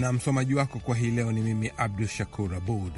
na msomaji wako kwa hii leo ni mimi Abdu Shakur Abud.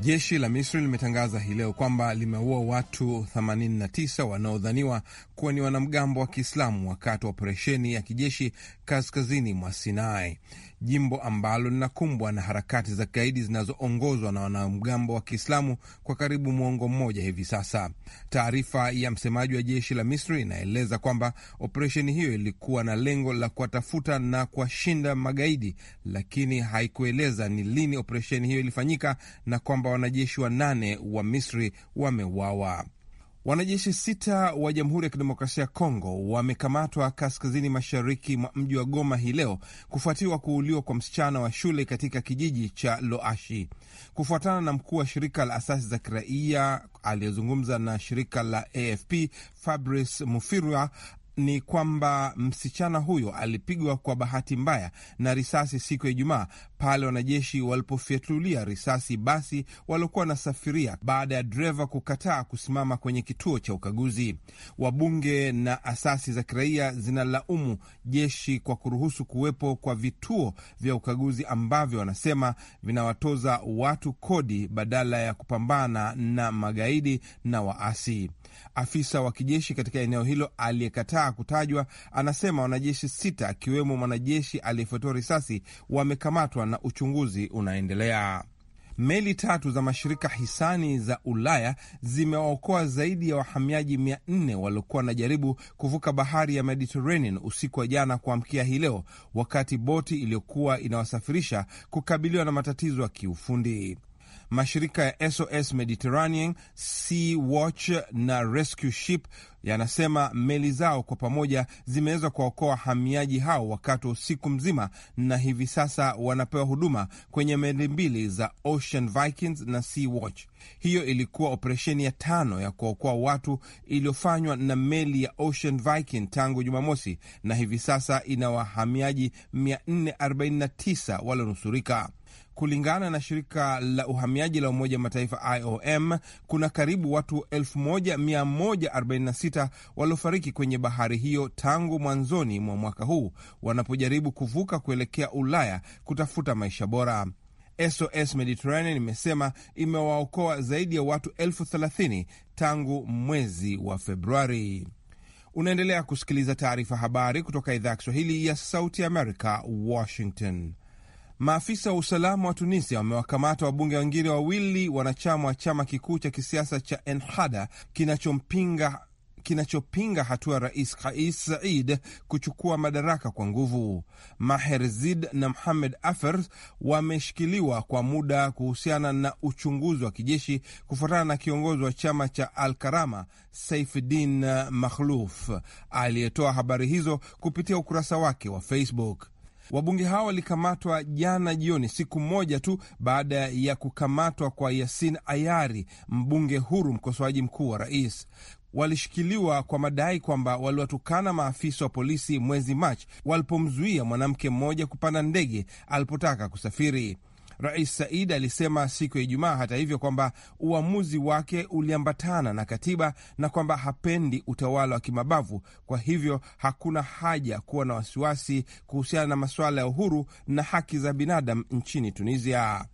Jeshi la Misri limetangaza hii leo kwamba limeua watu 89 wanaodhaniwa kuwa ni wanamgambo wa Kiislamu wakati wa operesheni ya kijeshi kaskazini mwa Sinai, jimbo ambalo linakumbwa na harakati za kigaidi zinazoongozwa na wanamgambo wa Kiislamu kwa karibu mwongo mmoja hivi sasa. Taarifa ya msemaji wa jeshi la Misri inaeleza kwamba operesheni hiyo ilikuwa na lengo la kuwatafuta na kuwashinda magaidi, lakini haikueleza ni lini operesheni hiyo ilifanyika na kwamba wanajeshi wanane wa Misri wameuawa. Wanajeshi sita wa Jamhuri ya Kidemokrasia ya Kongo wamekamatwa kaskazini mashariki mwa mji wa Goma hii leo kufuatiwa kuuliwa kwa msichana wa shule katika kijiji cha Loashi. Kufuatana na mkuu wa shirika la asasi za kiraia aliyezungumza na shirika la AFP Fabrice Mufirwa, ni kwamba msichana huyo alipigwa kwa bahati mbaya na risasi siku ya Ijumaa pale wanajeshi walipofyatulia risasi basi waliokuwa wanasafiria baada ya dreva kukataa kusimama kwenye kituo cha ukaguzi. Wabunge na asasi za kiraia zinalaumu jeshi kwa kuruhusu kuwepo kwa vituo vya ukaguzi ambavyo wanasema vinawatoza watu kodi badala ya kupambana na magaidi na waasi. Afisa wa kijeshi katika eneo hilo aliyekataa kutajwa anasema wanajeshi sita akiwemo mwanajeshi aliyefyatua risasi wamekamatwa na uchunguzi unaendelea. Meli tatu za mashirika hisani za Ulaya zimewaokoa zaidi ya wahamiaji mia4 waliokuwa wanajaribu kuvuka bahari ya Mediterranean usiku wa jana kuamkia hii leo, wakati boti iliyokuwa inawasafirisha kukabiliwa na matatizo ya kiufundi mashirika ya SOS Mediterranean, Sea Watch na Rescue Ship yanasema meli zao kwa pamoja zimeweza kuwaokoa wahamiaji hao wakati wa usiku mzima, na hivi sasa wanapewa huduma kwenye meli mbili za Ocean Vikings na Sea Watch. Hiyo ilikuwa operesheni ya tano ya kuwaokoa watu iliyofanywa na meli ya Ocean Viking tangu Jumamosi, na hivi sasa ina wahamiaji 449 walionusurika. Kulingana na shirika la uhamiaji la Umoja Mataifa IOM, kuna karibu watu 1146 waliofariki kwenye bahari hiyo tangu mwanzoni mwa mwaka huu wanapojaribu kuvuka kuelekea Ulaya kutafuta maisha bora. SOS Mediterranean imesema imewaokoa zaidi ya watu elfu thelathini tangu mwezi wa Februari. Unaendelea kusikiliza taarifa habari kutoka idhaa ya Kiswahili ya Sauti Amerika, Washington. Maafisa wa usalama wa Tunisia wamewakamata wabunge wengine wawili wanachama wa chama kikuu cha kisiasa cha Ennahda kinachompinga kinachopinga hatua ya rais Kais Said kuchukua madaraka kwa nguvu. Maher Zid na Muhamed Afer wameshikiliwa kwa muda kuhusiana na uchunguzi wa kijeshi kufuatana na kiongozi wa chama cha Al Karama Saifedin Makhluf aliyetoa habari hizo kupitia ukurasa wake wa Facebook. Wabunge hao walikamatwa jana jioni, siku moja tu baada ya kukamatwa kwa Yasin Ayari, mbunge huru mkosoaji mkuu wa rais. Walishikiliwa kwa madai kwamba waliwatukana maafisa wa polisi mwezi Machi walipomzuia mwanamke mmoja kupanda ndege alipotaka kusafiri. Rais Said alisema siku ya Ijumaa, hata hivyo, kwamba uamuzi wake uliambatana na katiba na kwamba hapendi utawala wa kimabavu, kwa hivyo hakuna haja kuwa na wasiwasi kuhusiana na masuala ya uhuru na haki za binadamu nchini Tunisia.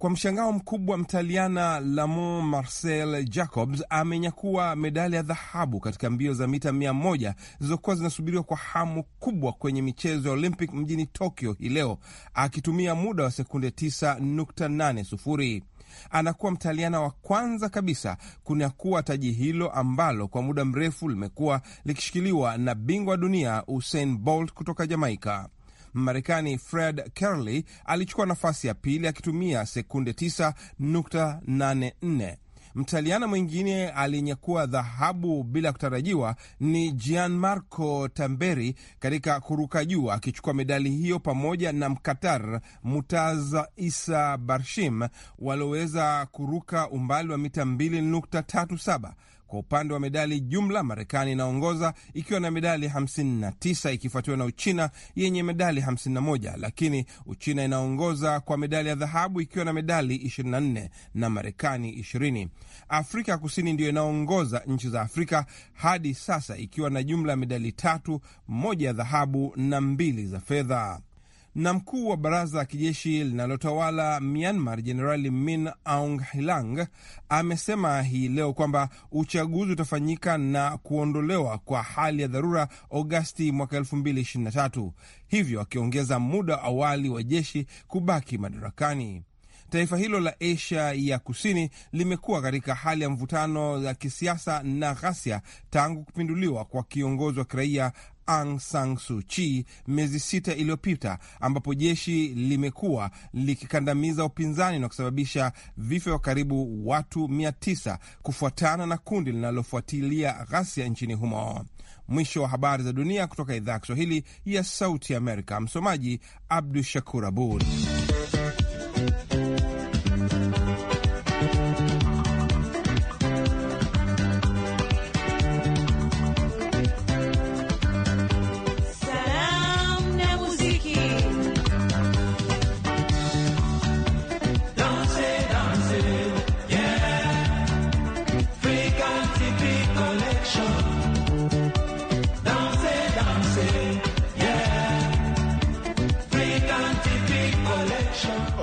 Kwa mshangao mkubwa, Mtaliana Lamont Marcel Jacobs amenyakua medali ya dhahabu katika mbio za mita mia moja zilizokuwa zinasubiriwa kwa hamu kubwa kwenye michezo ya Olympic mjini Tokyo hii leo akitumia muda wa sekunde 9.80. Anakuwa Mtaliana wa kwanza kabisa kunakuwa taji hilo ambalo kwa muda mrefu limekuwa likishikiliwa na bingwa dunia Usain Bolt kutoka Jamaika. Marekani Fred Kerley alichukua nafasi ya pili akitumia sekunde 9.84. Mtaliana mwingine alinyakua dhahabu bila kutarajiwa ni Gianmarco Tamberi katika kuruka juu akichukua medali hiyo pamoja na Mkatar Mutaz Isa Barshim walioweza kuruka umbali wa mita 2.37 kwa upande wa medali jumla, Marekani inaongoza ikiwa na medali 59 ikifuatiwa na Uchina yenye medali 51, lakini Uchina inaongoza kwa medali ya dhahabu ikiwa na medali 24 na Marekani 20. Afrika Kusini ndiyo inaongoza nchi za Afrika hadi sasa ikiwa na jumla ya medali tatu, moja ya dhahabu na mbili za fedha na mkuu wa baraza la kijeshi linalotawala Myanmar Jenerali Min Aung Hlaing amesema hii leo kwamba uchaguzi utafanyika na kuondolewa kwa hali ya dharura Agosti mwaka hivyo akiongeza muda awali wa jeshi kubaki madarakani. Taifa hilo la Asia ya kusini limekuwa katika hali ya mvutano ya kisiasa na ghasia tangu kupinduliwa kwa kiongozi wa kiraia Aung San Suu Kyi miezi sita iliyopita, ambapo jeshi limekuwa likikandamiza upinzani na kusababisha vifo vya karibu watu mia tisa kufuatana na kundi linalofuatilia ghasia nchini humo. Mwisho wa habari za dunia kutoka idhaa ya Kiswahili ya Sauti Amerika. Msomaji Abdu Shakur Abud.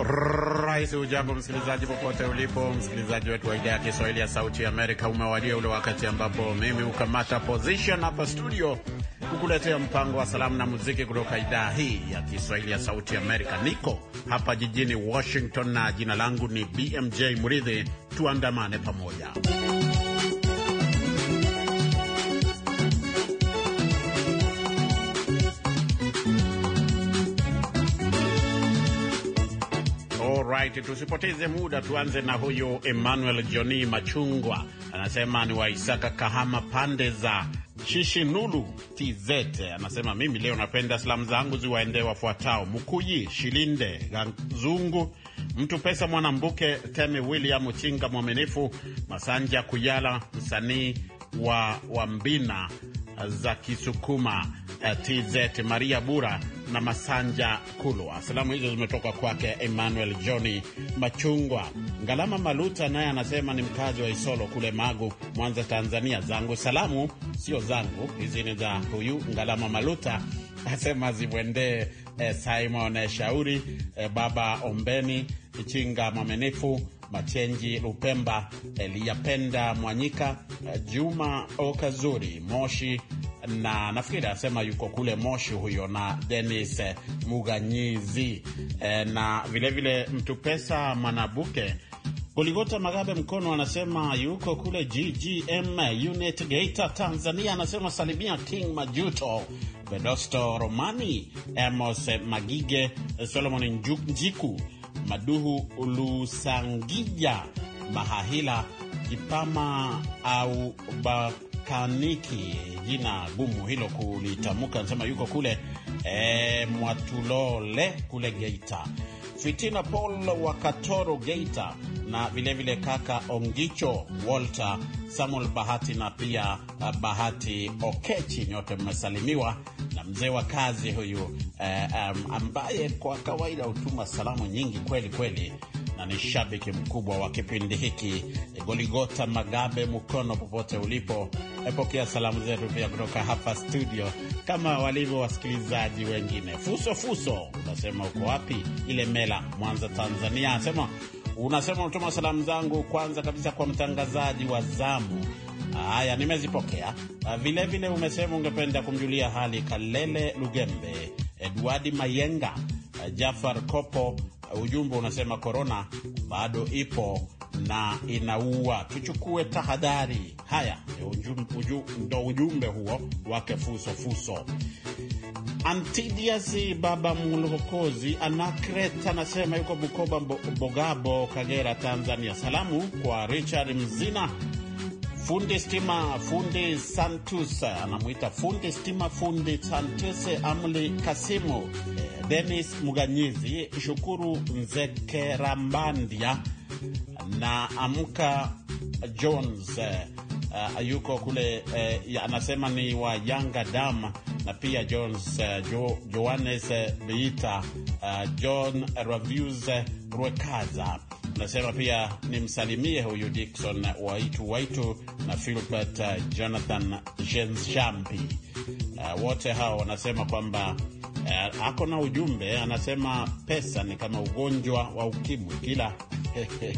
Rais ujambo msikilizaji popote ulipo. Msikilizaji wetu wa idhaa ya Kiswahili ya Sauti ya Amerika, umewadia ule wakati ambapo mimi hukamata position hapa studio kukuletea mpango wa salamu na muziki kutoka idhaa hii ya Kiswahili ya Sauti ya Amerika. Niko hapa jijini Washington na jina langu ni BMJ Mridhi. Tuandamane pamoja right, tusipoteze muda, tuanze na huyu Emmanuel Joni Machungwa, anasema ni Waisaka Kahama, pande za Shishinulu tz Anasema mimi leo napenda salamu zangu ziwaendee wafuatao: Mkuyi Shilinde Gazungu, Mtu Pesa Mwanambuke, Temi William Chinga Mwaminifu, Masanja Kuyala, msanii wa Wambina za Kisukuma eh, TZ Maria Bura na Masanja Kulwa. Salamu hizo zimetoka kwake Emmanuel Johni Machungwa. Ngalama Maluta naye anasema ni mkazi wa Isolo kule Magu, Mwanza, Tanzania. Zangu salamu sio zangu, hizi ni za huyu Ngalama Maluta, asema zimwendee eh, Simon Shauri, eh, Baba Ombeni Chinga Mwaminifu Machenji Lupemba, Eliyapenda Mwanyika, Juma Okazuri Moshi na nafikiri anasema yuko kule Moshi huyo, na Denis Muganyizi e, na vilevile vile mtu pesa Manabuke Goligota Magabe Mkono anasema yuko kule GGM unit Geita, Tanzania. Anasema salimia King Majuto, Vedosto Romani, Amos Magige, Solomon Njiku Maduhu Lusangija, Mahahila Kipama au Bakaniki, jina gumu hilo kulitamka. Nasema yuko kule e, Mwatulole kule Geita, Fitina Paul wa Katoro Geita, na vilevile vile kaka Ongicho Walter Samuel Bahati na pia eh, Bahati Okechi, nyote mmesalimiwa na mzee wa kazi huyu eh, um, ambaye kwa kawaida hutuma salamu nyingi kweli kweli na ni shabiki mkubwa wa kipindi hiki Goligota Magabe Mkono, popote ulipo, epokea eh, salamu zetu pia kutoka hapa studio, kama walivyo wasikilizaji wengine. Fuso Fuso, unasema uko wapi? ile mela Mwanza, Tanzania, anasema unasema unatuma salamu zangu kwanza kabisa kwa mtangazaji wa zamu Haya, nimezipokea vilevile. Ah, vile umesema ungependa kumjulia hali Kalele Lugembe, Edward Mayenga, ah, Jafar Kopo. Ah, ujumbe unasema korona bado ipo na inaua, tuchukue tahadhari. Haya ndo ujumbe huo wake Fusofuso. Antidias Baba Mlokozi Anakret anasema yuko Bukoba Bogabo, Kagera, Tanzania. Salamu kwa Richard Mzina Funde Stima Funde Santusa anamwita Funde Stima Funde Santuse Amli Kasimu eh, Denis Muganyizi Shukuru Nzekerambandia na Amka Jones Uh, yuko kule uh, anasema ni wa Yanga Dam na pia Jones, uh, jo, Johannes Biita uh, John Ravius Rwekaza Nasema pia nimsalimie huyu dikson Waitu Waitu na filbert Jonathan Jenshampi. Uh, wote hao wanasema kwamba uh, ako na ujumbe, anasema pesa ni kama ugonjwa wa ukimwi, kila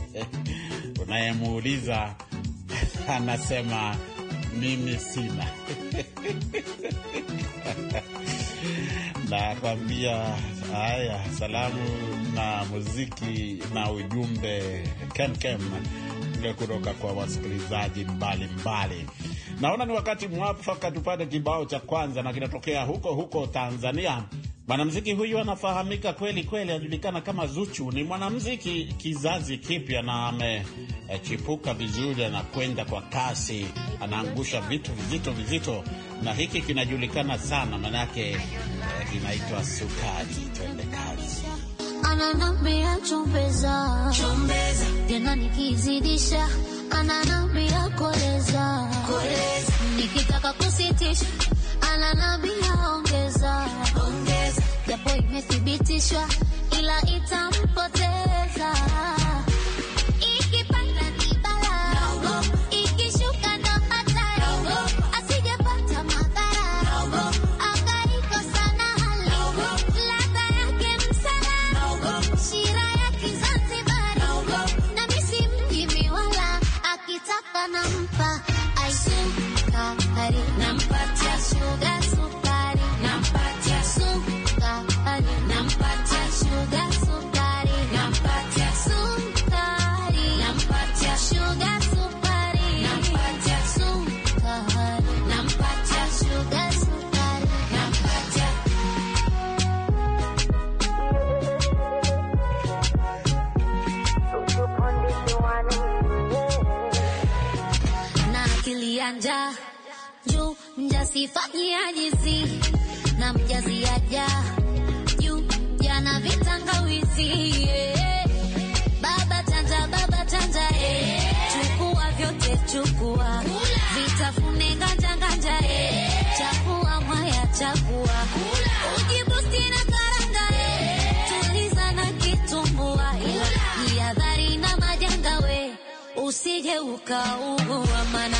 unayemuuliza anasema mimi sina nakwambia haya, salamu na muziki na ujumbe kemkem kutoka kwa wasikilizaji mbalimbali. Naona ni wakati mwafaka tupate kibao cha kwanza, na kinatokea huko huko Tanzania. Mwanamziki huyu anafahamika kweli kweli, anajulikana kama Zuchu. Ni mwanamziki kizazi kipya na amechipuka vizuri, anakwenda kwa kasi, anaangusha vitu vizito vizito, na hiki kinajulikana sana, maanake inaitwa Sukari. Twende kazi. Ananambia chombeza, chombeza. Tena nikizidisha ananambia koleza, koleza. Nikitaka kusitisha ananambia ongeza, ongeza. Japo imethibitishwa ila itampoteza chukua, vitafune nganja nganja, eh, chakua mwaya chakua, ujibusti na karanga, eh, tuliza na kitumbua, ila eh. jihadhari na majanga, we eh. usije ukaugua, maana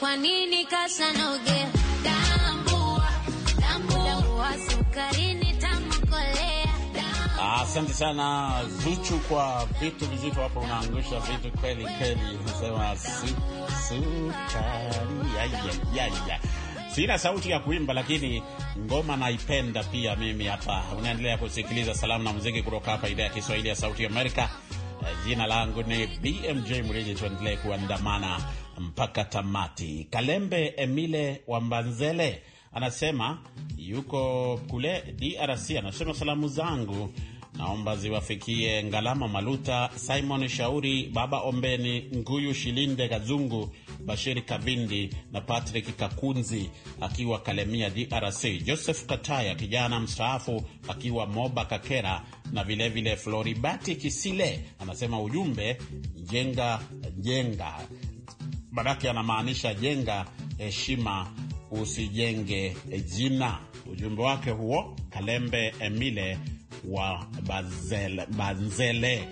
Kwa nini Asante sana Zuchu kwa vitu vizito hapo, unaangusha vitu kweli kweli, unasema sukari. Sina sauti ya kuimba lakini ngoma naipenda pia mimi. Hapa unaendelea kusikiliza salamu na muziki kutoka hapa idhaa ya Kiswahili ya Sauti Amerika. Eh, jina langu ni BMJ Mridhi, tuendelee kuandamana mpaka tamati. Kalembe Emile Wambanzele anasema yuko kule DRC, anasema salamu zangu naomba ziwafikie Ngalama Maluta, Simon Shauri, Baba Ombeni, Nguyu Shilinde, Kazungu Bashiri Kabindi na Patrick Kakunzi akiwa Kalemia DRC, Joseph Kataya kijana mstaafu akiwa Moba Kakera na vilevile Floribati Kisile anasema ujumbe, jenga jenga maanake anamaanisha jenga heshima, usijenge jina. Ujumbe wake huo Kalembe Emile wa Banzele, Banzele.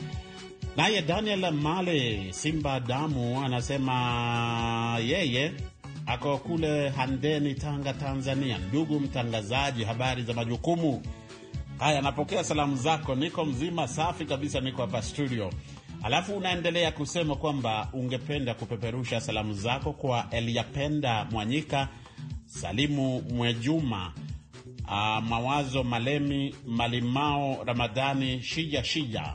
Naye Daniel Male Simba Damu anasema yeye ako kule Handeni, Tanga, Tanzania. Ndugu mtangazaji, habari za majukumu haya? Napokea salamu zako, niko mzima, safi kabisa, niko hapa studio Alafu unaendelea kusema kwamba ungependa kupeperusha salamu zako kwa Eliapenda Mwanyika, Salimu Mwejuma, uh, Mawazo Malemi, Malimao Ramadhani, Shija Shija,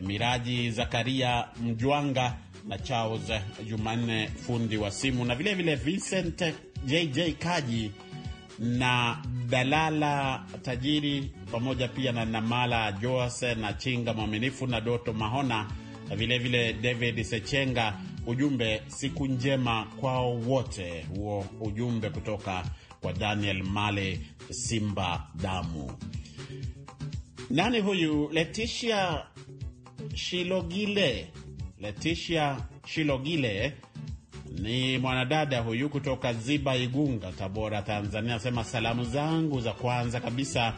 Miraji Zakaria Mjwanga na Charles Jumanne fundi wa simu na vilevile vile Vincent JJ Kaji na Dalala Tajiri pamoja pia na Namala Joase na Chinga Mwaminifu na Doto Mahona vilevile vile David Sechenga, ujumbe siku njema kwao wote. Huo ujumbe kutoka kwa Daniel Male Simba Damu. Nani huyu? Leticia Shilogile, Leticia Shilogile ni mwanadada huyu kutoka Ziba, Igunga, Tabora, Tanzania. Asema salamu zangu za kwanza kabisa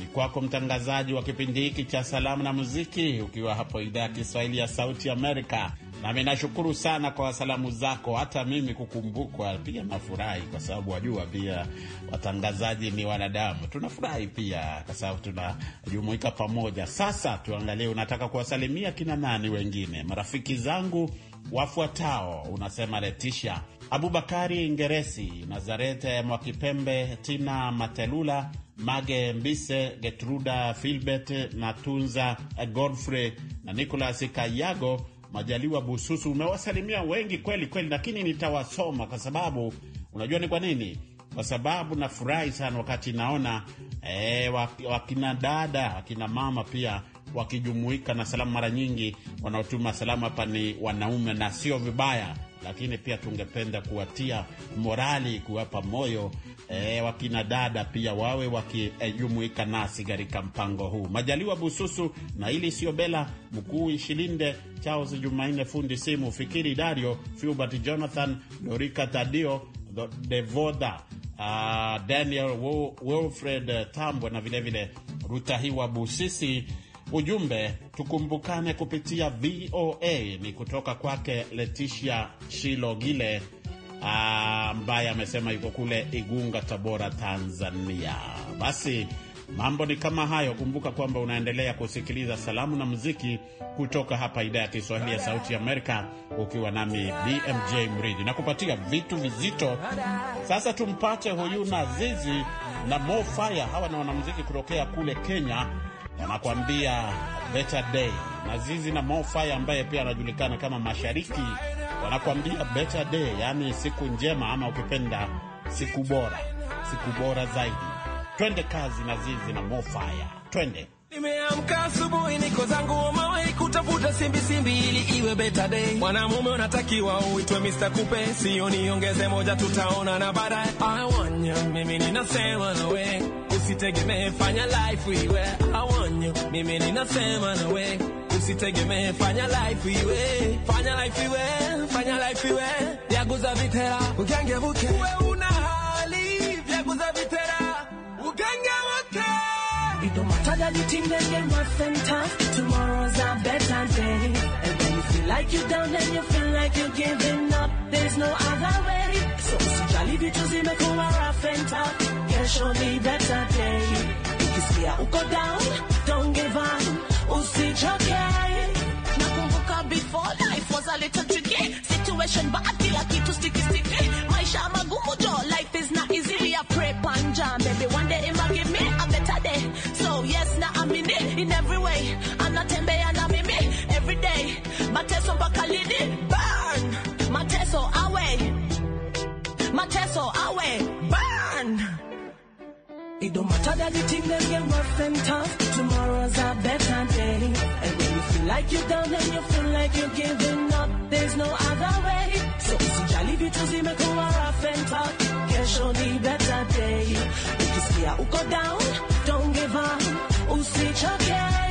ni kwako mtangazaji wa kipindi hiki cha salamu na muziki, ukiwa hapo idhaa ya Kiswahili ya Sauti Amerika. Nami nashukuru sana kwa salamu zako, hata mimi kukumbukwa pia nafurahi, kwa sababu wajua, pia watangazaji ni wanadamu, tunafurahi pia kwa sababu tunajumuika pamoja. Sasa tuangalie, unataka kuwasalimia kina nani wengine? Marafiki zangu wafuatao, unasema Letisha Abubakari Ngeresi, Nazarete Mwakipembe, Tina Matelula, Mage Mbise, Getruda Filbert na Tunza Godfrey na Nicolas Kayago Majaliwa Bususu. Umewasalimia wengi kweli kweli, lakini nitawasoma kwa sababu unajua ni kwa nini? Kwa sababu nafurahi sana wakati naona e, wakina dada wakina mama pia wakijumuika na salamu. Mara nyingi wanaotuma salamu hapa ni wanaume, na sio vibaya lakini pia tungependa kuwatia morali, kuwapa moyo e, wakina dada pia wawe wakijumuika e, nasi katika mpango huu. Majaliwa Bususu na ili sio Bela Mkuu Ishilinde, Charles Jumanne fundi simu, Fikiri Dario, Filbert Jonathan, Dorika Tadio, Devoda uh, Daniel Wilfred Tambwe na vilevile Rutahiwa Busisi Ujumbe tukumbukane kupitia VOA ni kutoka kwake Leticia Shilogile ah, ambaye amesema yuko kule Igunga, Tabora, Tanzania. Basi mambo ni kama hayo. Kumbuka kwamba unaendelea kusikiliza salamu na muziki kutoka hapa idhaa ya Kiswahili ya Sauti Amerika, ukiwa nami BMJ Mridhi na kupatia vitu vizito. Sasa tumpate huyu Nazizi na Mo Fire, hawa na wanamuziki kutokea kule Kenya wanakuambia better day, na na Mofai ambaye pia anajulikana kama Mashariki wanakuambia better day, yaani siku njema ama ukipenda siku bora, siku bora zaidi. Twende kazi na Zizi na Mofai, twende. Nimeamka asubuhi, niko zangu mawe kutafuta simbi simbi ili iwe better day. Mwanamume unatakiwa uitwe Mr. Kupe, sio niongeze moja, tutaona na baadaye. I want you, mimi ninasema we usitegemee, fanya life iwe. you, mimi ninasema we usitegemee, fanya life iwe, fanya life iwe, fanya life iwe, yaguza vitera ukiangevuke, uwe una hali yaguza vitera that you think they you're rough and tough, tomorrow's a better day. And when you feel like you're down and you feel like you're giving up, there's no other way. So, si jaribu tuzi mekuwa rough and tough, can show me better day. Ukisikia uko down, don't give up, usichoke. Nakumbuka before life was a little tricky, situation bad, kila kitu sticky sticky. Maisha magumu jo, life is not easy, we are pray panja, maybe one day did it burn. Mateso awe. Mateso awe. Burn. It don't matter that you think them get rough and tough. Tomorrow's a better day. And when you feel like you're down and you feel like you're giving up, there's no other way. So you're si jali vitu zimekuwa rough and tough. Kesho the better day. If you see Ukisikia uko down, don't give up. each Usichoke.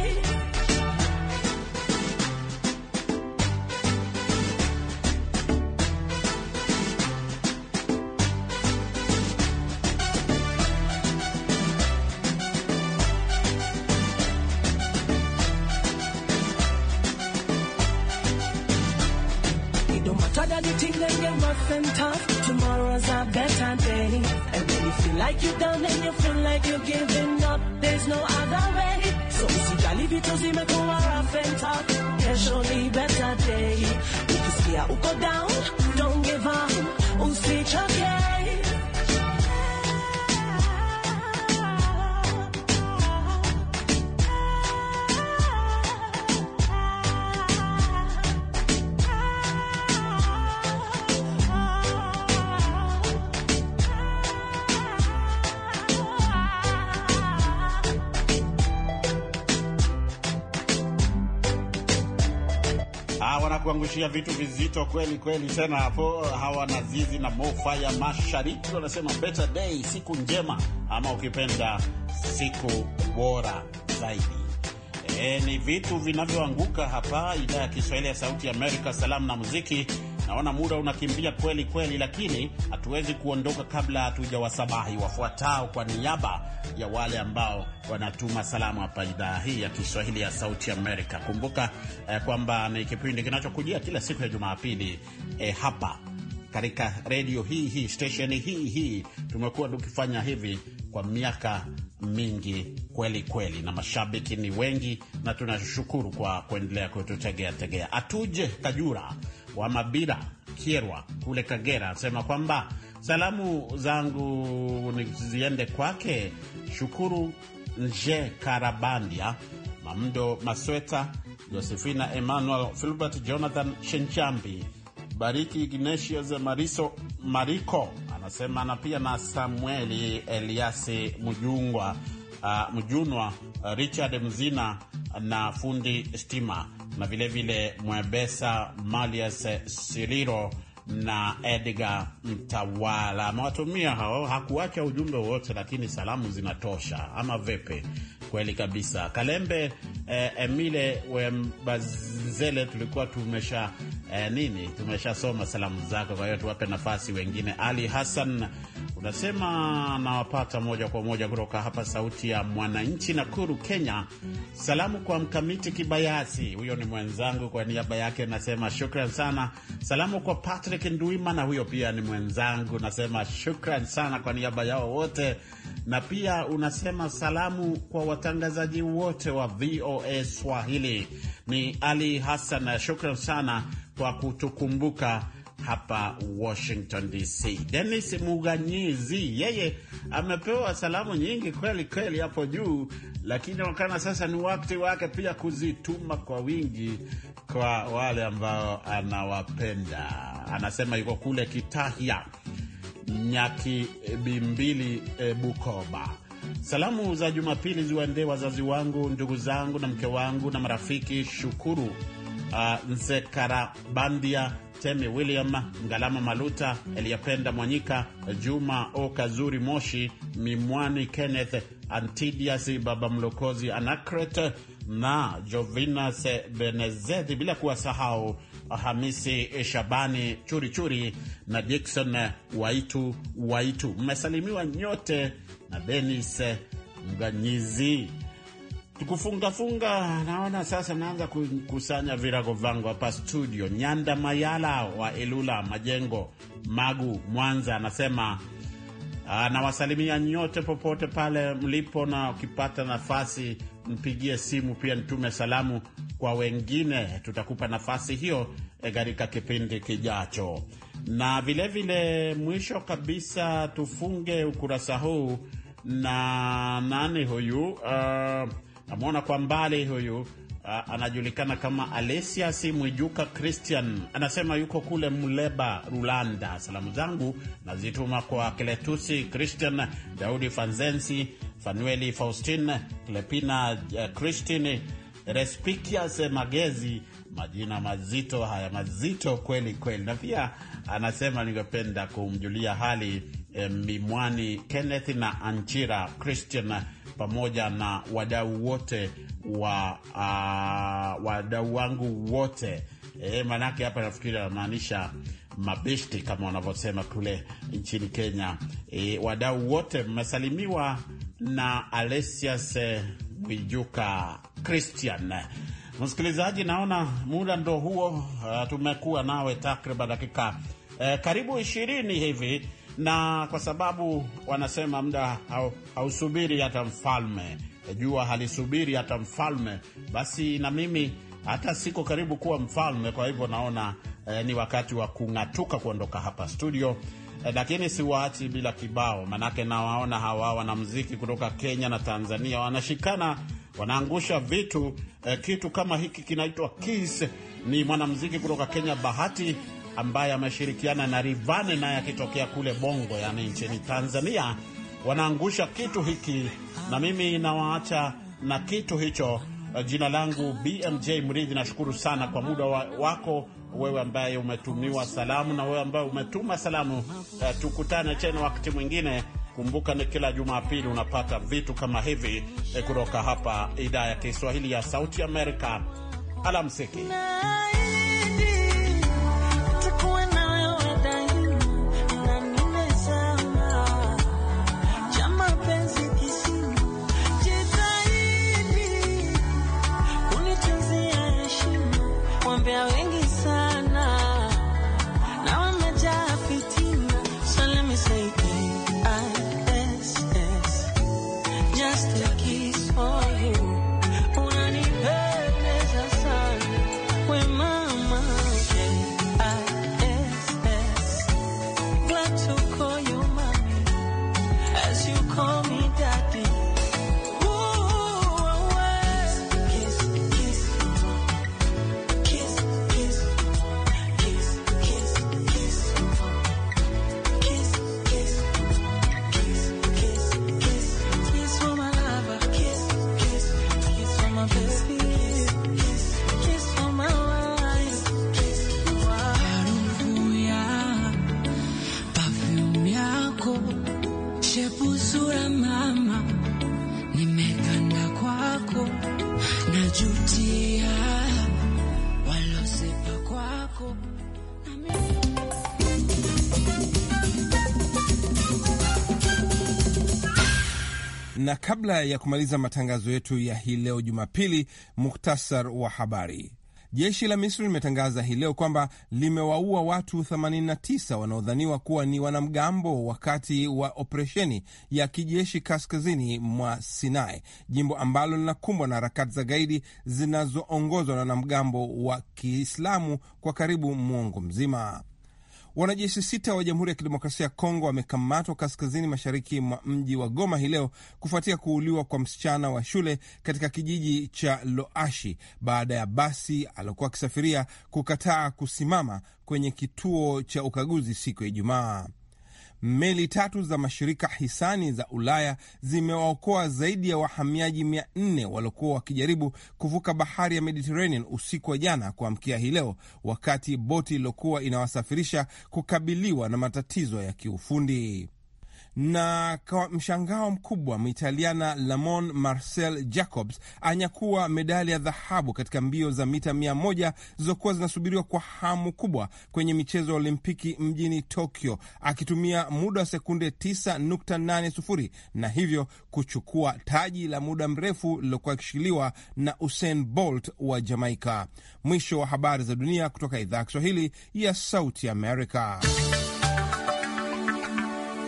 and tough, tomorrow's a better day. And when you feel like you're down and you feel like you're giving up, there's no other way. So si jali vituzi mekuwa rough and talk, there's surely better day. Ukisikia go down, don't give up, We'll see again. wanakuangushia vitu vizito kweli kweli tena hapo. Hawa Nazizi na Mofa ya Mashariki wanasema better day, siku njema ama ukipenda siku bora zaidi. E, ni vitu vinavyoanguka hapa idhaa ya Kiswahili ya Sauti ya Amerika, salamu na muziki Naona muda unakimbia kweli kweli, lakini hatuwezi kuondoka kabla hatujawasabahi wafuatao kwa niaba ya wale ambao wanatuma salamu hapa idhaa hii ya Kiswahili ya Sauti Amerika. Kumbuka eh, kwamba ni kipindi kinachokujia kila siku ya Jumapili eh, hapa katika redio hii hii stesheni hii hii. Tumekuwa tukifanya hivi kwa miaka mingi kweli kweli, na mashabiki ni wengi, na tunashukuru kwa kuendelea kututegea tegea. Atuje Kajura wa Mabira kierwa kule Kagera asema kwamba salamu zangu ziende kwake Shukuru Nje Karabandia, Mamdo Masweta, Josefina Emmanuel, Filbert Jonathan Shenchambi, Bariki Ignatius Mariso Mariko anasema na pia na Samueli Eliasi Mjungwa, uh, Mjunwa, uh, Richard Mzina na fundi Stima na vilevile Mwebesa Malias Siliro na Edgar Mtawala amewatumia hao. Hakuacha ujumbe wote, lakini salamu zinatosha ama vepe kweli kabisa. Kalembe eh, Emile Wembazele, tulikuwa tumesha eh, nini tumeshasoma salamu zako, kwa hiyo tuwape nafasi wengine. Ali Hassan unasema nawapata moja kwa moja kutoka hapa Sauti ya Mwananchi, Nakuru, Kenya. Salamu kwa Mkamiti Kibayasi, huyo ni mwenzangu, kwa niaba yake nasema shukran sana. Salamu kwa Patrick Ndwima, na huyo pia ni mwenzangu, nasema shukran sana kwa niaba yao wote na pia unasema salamu kwa watangazaji wote wa VOA Swahili. Ni Ali Hassan, shukran sana kwa kutukumbuka hapa Washington DC. Denis Muganyizi yeye amepewa salamu nyingi kweli kweli hapo juu, lakini inaonekana sasa ni wakati wake pia kuzituma kwa wingi kwa wale ambao anawapenda. Anasema yuko kule Kitahya Nyakibimbili eh, e, eh, Bukoba. Salamu za Jumapili ziwaendee wazazi wangu, ndugu zangu na mke wangu na marafiki Shukuru uh, ah, Nsekarabandia, Temi William, Ngalama Maluta, Eliyapenda Mwanyika, Juma O Kazuri Moshi, Mimwani Kenneth, Antidias Baba Mlokozi, Anacret na Jovinas Benezeti, bila kuwasahau Hamisi eh, Shabani Churichuri na dikson eh, Waitu Waitu. Mmesalimiwa nyote na Denis eh, Mganyizi. Tukufungafunga, naona sasa naanza kukusanya virago vangu hapa studio. Nyanda Mayala wa elula Majengo, Magu, Mwanza anasema Ah, nawasalimia nyote popote pale mlipo, na ukipata nafasi mpigie simu pia nitume salamu kwa wengine. Tutakupa nafasi hiyo eh, katika kipindi kijacho, na vilevile vile, mwisho kabisa tufunge ukurasa huu na nani huyu, uh, namwona kwa mbali huyu uh, anajulikana kama Alesias Mwijuka Christian, anasema yuko kule Muleba, Rulanda. Salamu zangu nazituma kwa Kletusi Christian, Daudi Fanzensi, Fanueli Faustine, Klepina uh, Christine, Magezi. Majina mazito haya, mazito kweli kweli. Na pia anasema ningependa kumjulia hali eh, Mimwani Kenneth na Anchira Christian pamoja na wadau wote wa uh, wadau wangu wote eh, manake hapa nafikiri anamaanisha mabishti kama wanavyosema kule nchini Kenya. E, wadau wote mmesalimiwa na Alesias e, Mwijuka Christian. Msikilizaji, naona muda ndo huo. Uh, tumekuwa nawe takriban dakika uh, karibu ishirini hivi na kwa sababu wanasema muda hausubiri hata mfalme, jua halisubiri hata mfalme, basi na mimi hata siko karibu kuwa mfalme. Kwa hivyo naona e, ni wakati wa kung'atuka kuondoka hapa studio e, lakini siwaachi bila kibao, manake nawaona hawa wanamuziki kutoka Kenya na Tanzania wanashikana, wanaangusha vitu eh, kitu kama hiki kinaitwa Kiss. Ni mwanamuziki kutoka Kenya Bahati ambaye ameshirikiana na Rivane naye akitokea kule Bongo, yani nchini Tanzania, wanaangusha kitu hiki, na mimi nawaacha na kitu hicho. Uh, jina langu BMJ Mridhi, nashukuru sana kwa muda wa, wako wewe ambaye umetumiwa salamu na wewe ambaye umetuma salamu. Uh, tukutane tena wakati mwingine. Kumbuka ni kila Jumapili unapata vitu kama hivi eh, kutoka hapa idhaa ya Kiswahili ya Sauti Amerika. Alamsiki. Na kabla ya kumaliza matangazo yetu ya hii leo Jumapili, muktasar wa habari. Jeshi la Misri limetangaza hii leo kwamba limewaua watu 89 wanaodhaniwa kuwa ni wanamgambo wakati wa operesheni ya kijeshi kaskazini mwa Sinai, jimbo ambalo linakumbwa na harakati za gaidi zinazoongozwa na wanamgambo wa Kiislamu kwa karibu mwongo mzima. Wanajeshi sita wa Jamhuri ya Kidemokrasia ya Kongo wamekamatwa kaskazini mashariki mwa mji wa Goma hii leo kufuatia kuuliwa kwa msichana wa shule katika kijiji cha Loashi baada ya basi aliokuwa akisafiria kukataa kusimama kwenye kituo cha ukaguzi siku ya Ijumaa. Meli tatu za mashirika hisani za Ulaya zimewaokoa zaidi ya wahamiaji mia nne waliokuwa wakijaribu kuvuka bahari ya Mediterranean usiku wa jana kuamkia hii leo, wakati boti iliyokuwa inawasafirisha kukabiliwa na matatizo ya kiufundi na kwa mshangao mkubwa Mitaliana Lamon Marcel Jacobs anyakuwa medali ya dhahabu katika mbio za mita mia moja zilizokuwa zinasubiriwa kwa hamu kubwa kwenye michezo ya Olimpiki mjini Tokyo, akitumia muda wa sekunde 9.80 na hivyo kuchukua taji la muda mrefu lilokuwa akishikiliwa na Usain Bolt wa Jamaika. Mwisho wa habari za dunia kutoka idhaa ya Kiswahili ya Sauti Amerika.